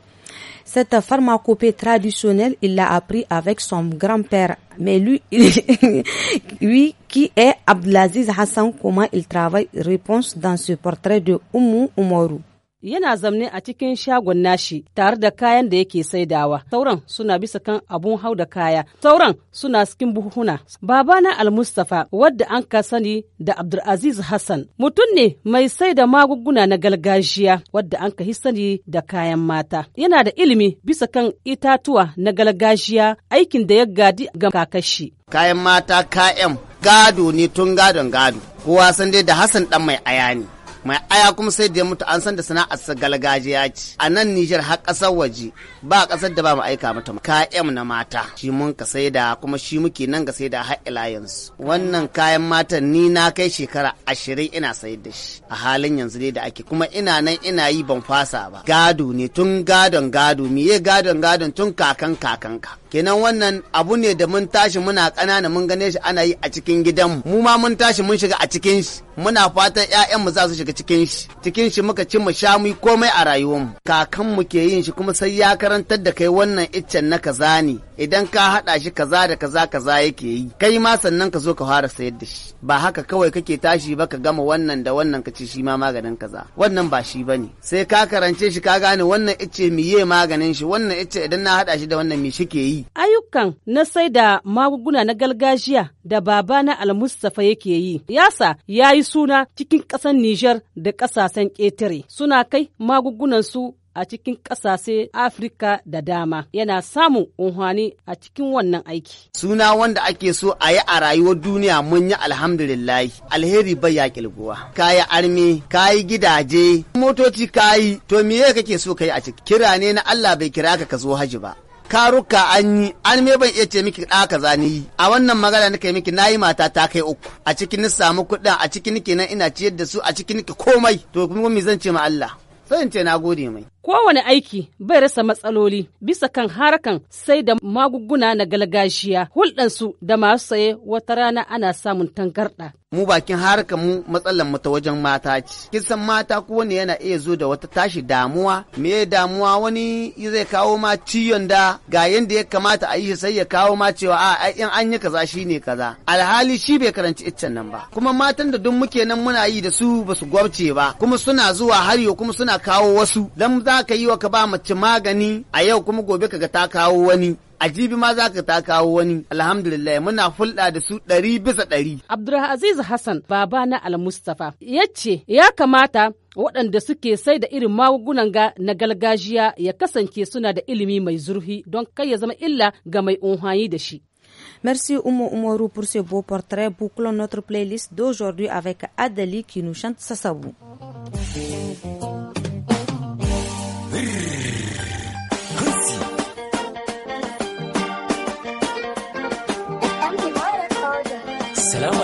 Cette pharmacopée traditionnelle, il l'a appris avec son grand-père. Mais lui, lui, qui est Abdelaziz Hassan, comment il travaille Réponse dans ce portrait de Oumou Oumarou. yana zamne a cikin shagon nashi tare da kayan da yake saidawa sauran suna bisa kan abun hau da kaya sauran suna cikin buhuhuna babana almustafa wadda an ka sani da abdulaziz hassan mutum ne mai saida magunguna na gargajiya wadda an ka sani da kayan mata yana da ilimi bisa kan itatuwa na gargajiya aikin da ya gadi ga kakashi kayan mata kayan gado ne tun gadon gado kowa san dai da hassan dan mai ayani. mai aya kuma sai da ya mutu an san da sana'ar sa galgajiya ce a nan Nijar har kasar waje ba kasar da ba mu aika mata kayan na mata shi mun ka saida kuma shi muke nan ga saida har ila yanzu wannan kayan matan ni na kai shekara ashirin ina sayar da shi a halin yanzu dai da ake kuma ina nan ina yi ban fasa ba gado ne tun gadon gado miye gadon gadon tun kakan kakanka kenan wannan abu ne da mun tashi muna ƙanana mun gane shi ana yi a cikin gidan mu ma mun tashi mun shiga a cikin shi muna fatan 'ya'yanmu za su shiga cikin shi cikin shi muka ci mu sha komai a rayuwarmu kakan mu ke yin shi kuma sai ya karantar da kai wannan iccen na kaza ne idan ka haɗa shi kaza da kaza kaza yake yi kai ma sannan ka zo ka fara sayar da shi ba haka kawai kake tashi ba ka gama wannan da wannan ka ci shi ma maganin kaza wannan ba shi bane sai ka karance shi ka gane wannan icce ye maganin shi wannan icce idan na haɗa shi da wannan mi shike yi ayyukan na sai da magunguna na gargajiya da baba na almustafa yake yi yasa yayi suna cikin ƙasar Nijar da ƙasashen ƙetare. Suna kai magungunansu a cikin ƙasashe Afirka da dama yana samun unhwani a cikin wannan aiki. Suna wanda ake so a yi a rayuwar duniya mun yi alhamdulillahi alheri bai ya kilguwa. Kayi armi, kayi gidaje, motoci kayi, to me kake so kayi a ciki? Kira ne na Allah bai kira ka ka zo haji ba. karuka an yi an me ban iya ce miki da kaza ni yi a wannan magana nake miki nayi mata ta kai uku a cikin ni samu kuɗin a cikin ni kenan ina ciyar da su a cikin nake komai to kuma me zan ce ma Allah sai in ce na gode mai Kowane aiki bai rasa matsaloli bisa kan harkan sai da magunguna na gargajiya hulɗansu da masu saye wata rana ana samun tangarɗa. mu bakin harkar mu matsalar mu ta wajen mata ce kin san mata ko wani yana iya zo da wata tashi damuwa me damuwa wani zai kawo ma ciyon da ga yanda ya kamata a yi sai ya kawo ma cewa a in an yi kaza shi ne kaza alhali shi bai karanci iccen nan ba kuma matan da duk muke nan muna yi da su ba su gwabce ba kuma suna zuwa har yau kuma suna kawo wasu dan za ka yi wa ka ba mace magani a yau kuma gobe kaga ta kawo wani jibi ma za ka ta kawo wani alhamdulillah muna fulɗa da su ɗari bisa ɗari. Abdulhaziz Hassan baba na Al-Mustapha ya ce ya kamata waɗanda suke sai da irin magungunan ga na gargajiya ya kasance suna da ilimi mai zurfi don kai ya zama illa ga mai unhani da shi. Merci Oumo umaru pour ce beau portrait. bouclant notre playlist d'aujourd'hui avec Adali qui nous chante Sassabou. Salamu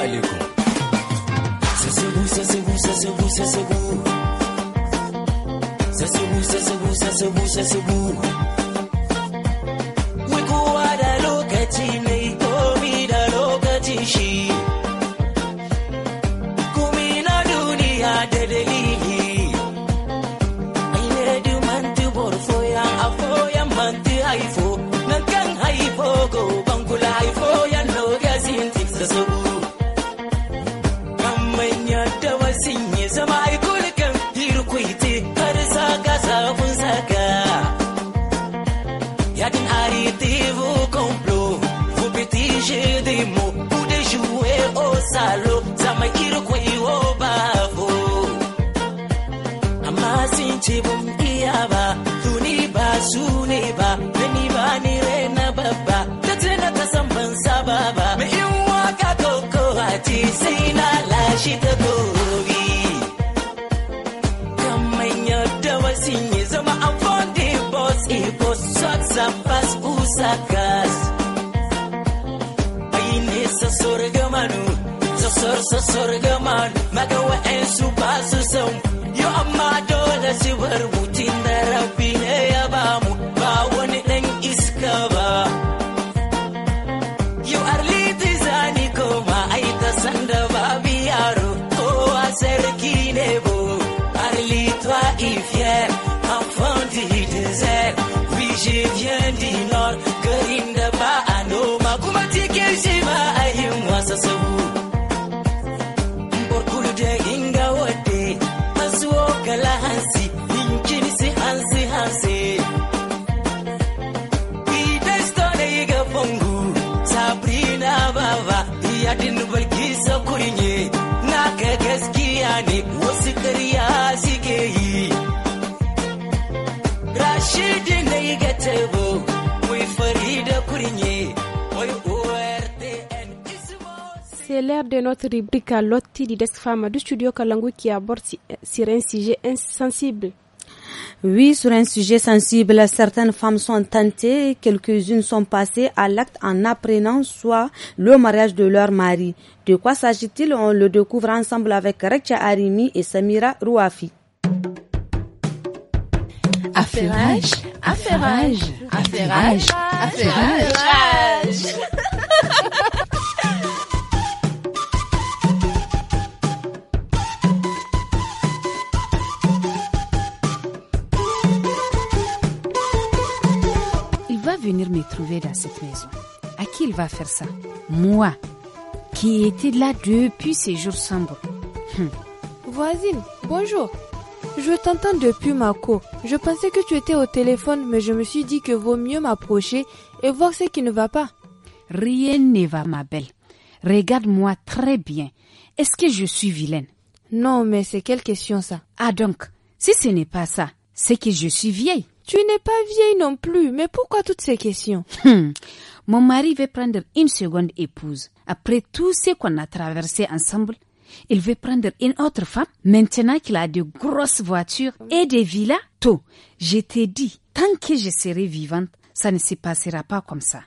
alaikum. Sasebu, sasebu, sasebu, sasebu. Sasebu, sasebu, sasebu, sasebu. invité vos complots, vos petits des mots, pour de au salaud, ça m'a qui recueille au bavo. Amma sin ce ba, tuni ba su ne ba, ba na babba, ta ce na ta ban saba ba, mai in waka ko sai na lashe ta sacas. Bayine sasorgamanu, sasor sasorgaman, maga wa'ansu ba su san. Yo amma dole si bar mutum da rabi ne ya bamu, ba wani dan iska ba. passa seu rumo l'air de notre rubrique à Lotti des Femme du studio Kalangu qui aborde sur un sujet insensible. Oui, sur un sujet sensible, certaines femmes sont tentées, quelques-unes sont passées à l'acte en apprenant soit le mariage de leur mari. De quoi s'agit-il On le découvre ensemble avec Rekcha Arimi et Samira Rouafi. affairage, affairage, affairage. affairage. venir me trouver dans cette maison À qui il va faire ça Moi, qui étais là depuis ces jours sombres. Hum. Voisine, bonjour. Je t'entends depuis ma cour. Je pensais que tu étais au téléphone, mais je me suis dit que vaut mieux m'approcher et voir ce qui ne va pas. Rien ne va, ma belle. Regarde-moi très bien. Est-ce que je suis vilaine Non, mais c'est quelle question ça Ah donc, si ce n'est pas ça, c'est que je suis vieille. Tu n'es pas vieille non plus, mais pourquoi toutes ces questions hmm. Mon mari veut prendre une seconde épouse. Après tout ce qu'on a traversé ensemble, il veut prendre une autre femme. Maintenant qu'il a de grosses voitures et des villas, tôt, je t'ai dit, tant que je serai vivante, ça ne se passera pas comme ça.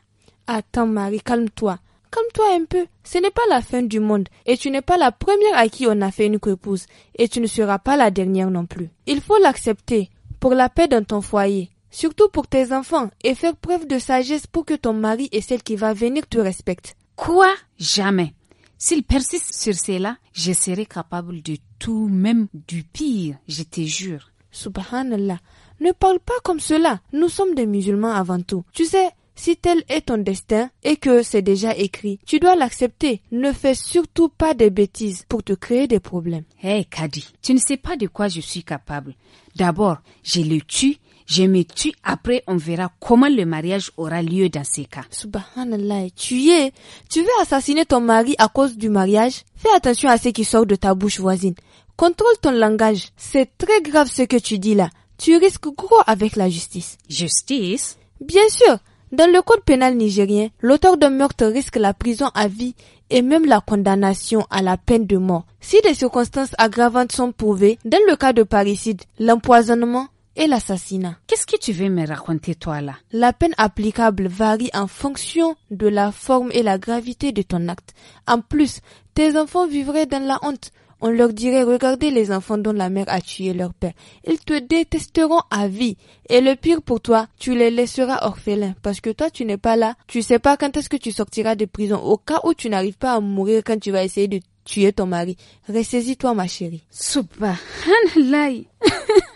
Attends, Marie, calme-toi. Calme-toi un peu. Ce n'est pas la fin du monde. Et tu n'es pas la première à qui on a fait une épouse. Et tu ne seras pas la dernière non plus. Il faut l'accepter pour la paix dans ton foyer, surtout pour tes enfants, et faire preuve de sagesse pour que ton mari et celle qui va venir te respectent. Quoi Jamais. S'il persiste sur cela, je serai capable de tout, même du pire, je te jure. Subhanallah, ne parle pas comme cela. Nous sommes des musulmans avant tout. Tu sais, si tel est ton destin et que c'est déjà écrit, tu dois l'accepter. Ne fais surtout pas des bêtises pour te créer des problèmes. Hé, hey, Kadi, tu ne sais pas de quoi je suis capable. D'abord, je le tue, je me tue, après on verra comment le mariage aura lieu dans ces cas. Subhanallah, tu es, tu veux assassiner ton mari à cause du mariage Fais attention à ce qui sort de ta bouche voisine. Contrôle ton langage. C'est très grave ce que tu dis là. Tu risques gros avec la justice. Justice Bien sûr dans le code pénal nigérien, l'auteur d'un meurtre risque la prison à vie et même la condamnation à la peine de mort. Si des circonstances aggravantes sont prouvées, dans le cas de parricide, l'empoisonnement et l'assassinat. Qu'est-ce que tu veux me raconter toi là La peine applicable varie en fonction de la forme et la gravité de ton acte. En plus, tes enfants vivraient dans la honte. On leur dirait, regardez les enfants dont la mère a tué leur père. Ils te détesteront à vie. Et le pire pour toi, tu les laisseras orphelins. Parce que toi, tu n'es pas là. Tu sais pas quand est-ce que tu sortiras de prison. Au cas où tu n'arrives pas à mourir quand tu vas essayer de tuer ton mari. Ressaisis-toi, ma chérie.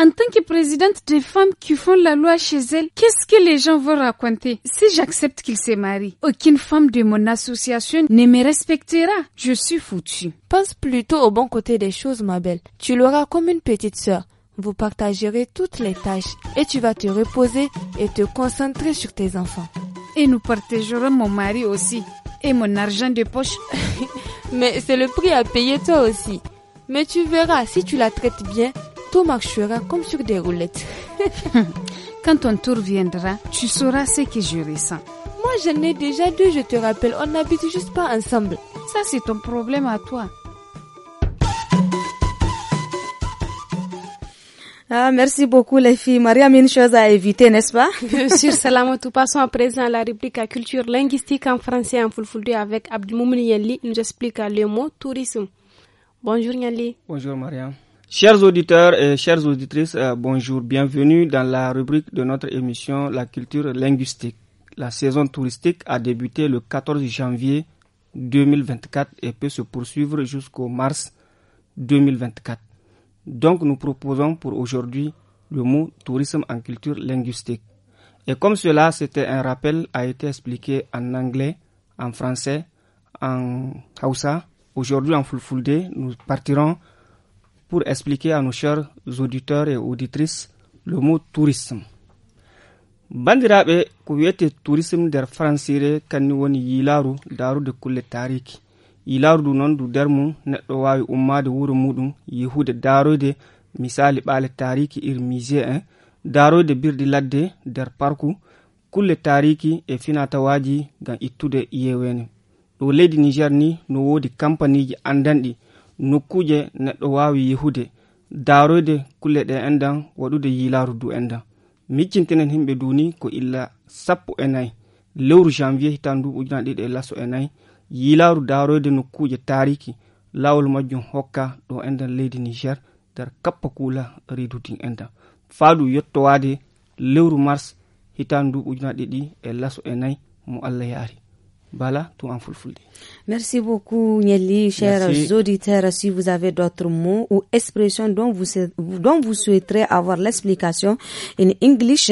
en tant que présidente des femmes qui font la loi chez elles, qu'est-ce que les gens vont raconter Si j'accepte qu'il se marient, aucune femme de mon association ne me respectera. Je suis foutue. Pense plutôt au bon côté des choses, ma belle. Tu l'auras comme une petite sœur. Vous partagerez toutes les tâches et tu vas te reposer et te concentrer sur tes enfants. Et nous partagerons mon mari aussi et mon argent de poche. Mais c'est le prix à payer toi aussi. Mais tu verras, si tu la traites bien, tout marchera comme sur des roulettes. Quand ton tour viendra, tu sauras ce que je ressens. Moi, j'en ai déjà deux, je te rappelle. On n'habite juste pas ensemble. Ça, c'est ton problème à toi. Ah, merci beaucoup les filles. Mariam, une chose à éviter, n'est-ce pas Bien sûr, Tout Passons à présent à la réplique à culture linguistique en français en fulfulde avec Abdoumoum Yali. nous explique le mot tourisme. Bonjour Yali. Bonjour Mariam. Chers auditeurs et chères auditrices, euh, bonjour, bienvenue dans la rubrique de notre émission La culture linguistique. La saison touristique a débuté le 14 janvier 2024 et peut se poursuivre jusqu'au mars 2024. Donc nous proposons pour aujourd'hui le mot tourisme en culture linguistique. Et comme cela, c'était un rappel, a été expliqué en anglais, en français, en Hausa. Aujourd'hui, en Fulfulde, nous partirons pour expliquer à nos chers auditeurs et auditrices le mot tourisme Bandirabe, ko wiyete tourisme der francire kanni woni yilaru de kulle tariki yilaru du nom du nder mum neɗɗo wawi ummade wuuro de yehude de misali ɓaale tariki ir musée daro de birɗi ladde der parku kulle tariki e finatawaji dans ittude de ɗo leydi niger ni no wodi compagnie andandi. nokkuje neɗɗo wawi yehude daroyde kulle ɗe endan waɗude yilaru du endan miccintinen himɓe duni ko illa sappo e nayi lewru janvier hitan du ujunan ɗiɗi e laso e nayi yilaru daroyde nokkuje tariki lawol majjum hokka ɗo endan leydi niger nder kappa kula riduti endan faadu yettowade lewru mars hitan du ujunan ɗiɗi e laso e nayi mo allah yaari tout en Merci beaucoup, Nieli, chers auditeurs. Si vous avez d'autres mots ou expressions dont vous, dont vous souhaiterez avoir l'explication in English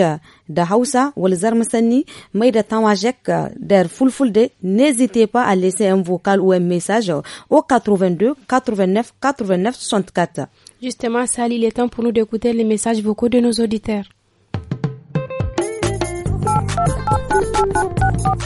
Walzar mais de Tawajek, full n'hésitez pas à laisser un vocal ou un message au 82 89 89 64. Justement, Sally, il est temps pour nous d'écouter les messages vocaux de nos auditeurs.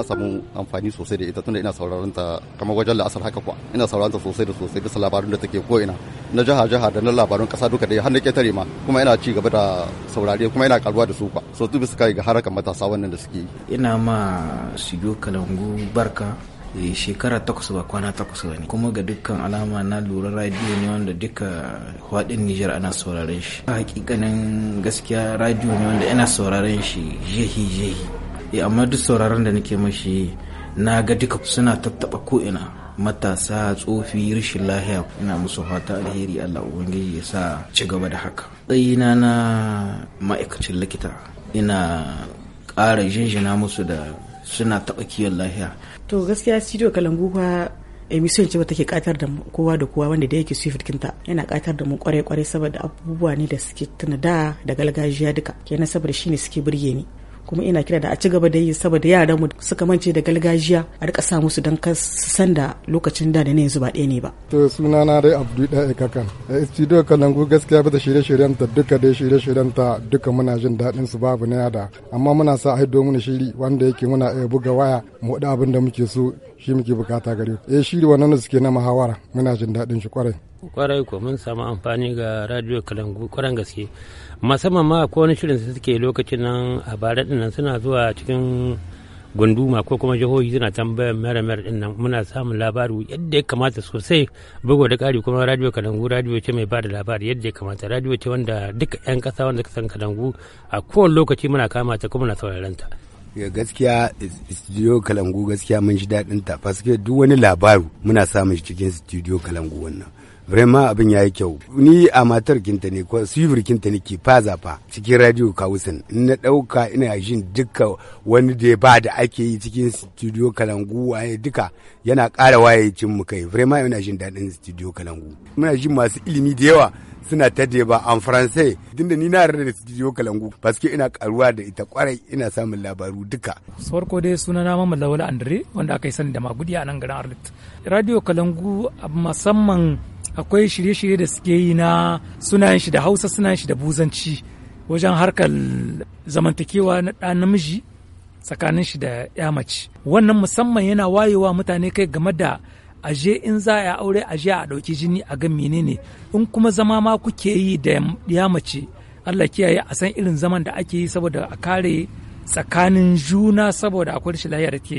na samu amfani sosai da ita tunda ina sauraron ta kamar wajen la'asar haka kuwa ina sauraron ta sosai da sosai bisa labarun da take ko ina na jaha jaha da na labarun kasa duka da har na ketare ma kuma ina ci gaba da saurare kuma ina karuwa da su kuwa so tu bisa kai ga harakan matasa wannan da suke ina ma shigo kalangu barka e, shekara takwas ba kwana takwas ba ne kuma ga dukkan alama na lura radio ne wanda duka faɗin nijar ana sauraron shi hakikanin gaskiya radio ne wanda ina sauraron shi jehi jehi Eh, amma duk sauraron da nake mashi na ga duka suna tattaba ko'ina matasa tsofi rashin lahiya ina musu fata alheri allah ubangiji ya sa ci gaba da haka tsayina na ma'aikacin likita ina ƙara jinjina musu da suna taɓa kiwon lahiya to gaskiya studio kalangu fa emission ce take katar da kowa da kowa wanda da yake swift yana katar da mu kwarai kwarai saboda abubuwa ne da suke tuna da da gargajiya duka kenan saboda ne suke burge ni kuma ina kira da a ci gaba da yi saboda yaran mu suka mance da galgajiya a rika sa musu dan ka san da lokacin da da ne yanzu ba ɗaya ne ba to na dai abdu da kakan studio kalangu gaskiya bisa shirye-shiryen ta duka dai shirye-shiryen ta duka muna jin daɗin su babu na yada amma muna sa aido domin shiri wanda yake muna iya buga waya mu abin da muke so shi muke bukata gare ku eh shi wannan suke na muhawara muna jin daɗin shi kwarai kwarai ko mun samu amfani ga radio kalangu kwarai gaske musamman ma ko wani shirin suke lokacin nan a bara din nan suna zuwa cikin gunduma ko kuma jihohi suna tambayar mera mera din nan muna samun labaru yadda ya kamata sosai bugu da kari kuma radio kalangu radio ce mai bada labari yadda ya kamata radio ce wanda duka 'yan kasa wanda ka san kalangu a kowane lokaci muna kama ta kuma na sauraron ta gaskiya studio kalangu gaskiya mun shi daɗin ta duk wani labaru muna samun shi cikin studio kalangu wannan vraiment abin ya yi kyau ni a matar kinta ne ko suivir kinta ne ke faza fa cikin radio kawusan na dauka ina jin duka wani da ba da ake yi cikin studio kalangu waye duka yana ƙara waye cin mu kai vraiment ina jin daɗin studio kalangu muna jin masu ilimi da yawa suna ta ba an faransai da ni na da studio kalangu que ina karuwa da ita kwarai ina samun labaru duka farko dai suna na mamman lawala andre wanda aka yi sani da magudi a nan garin arlit radio kalangu musamman akwai shirye-shirye da suke yi na suna shi da hausa suna yin shi da buzanci wajen harkar zamantakewa na ɗan namiji tsakanin shi da ya mace wannan musamman yana wayewa mutane kai game da aje in za a aure aje a ɗauki jini a ga menene in kuma zama ma kuke yi da ya mace Allah kiyaye a san irin zaman da ake yi saboda a kare tsakanin juna saboda akwai rashin lafiya da ke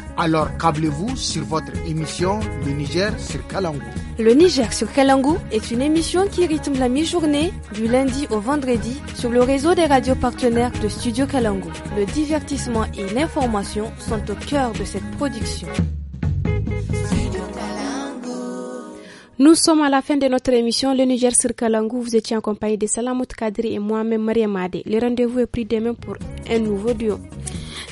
alors câblez-vous sur votre émission Le Niger sur Kalangou. Le Niger sur Kalangou est une émission qui rythme la mi-journée du lundi au vendredi sur le réseau des radios partenaires de Studio Kalangou. Le divertissement et l'information sont au cœur de cette production. Nous sommes à la fin de notre émission Le Niger sur Kalangou. Vous étiez en de Salamout Kadri et moi-même Mariamade. Le rendez-vous est pris demain pour un nouveau duo.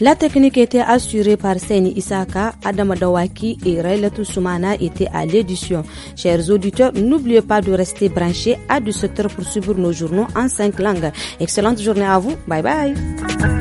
La technique était assurée par Seni Isaka, Adam Dawaki et Raylatou Soumana étaient à l'édition. Chers auditeurs, n'oubliez pas de rester branchés à 17h pour suivre nos journaux en cinq langues. Excellente journée à vous. Bye bye.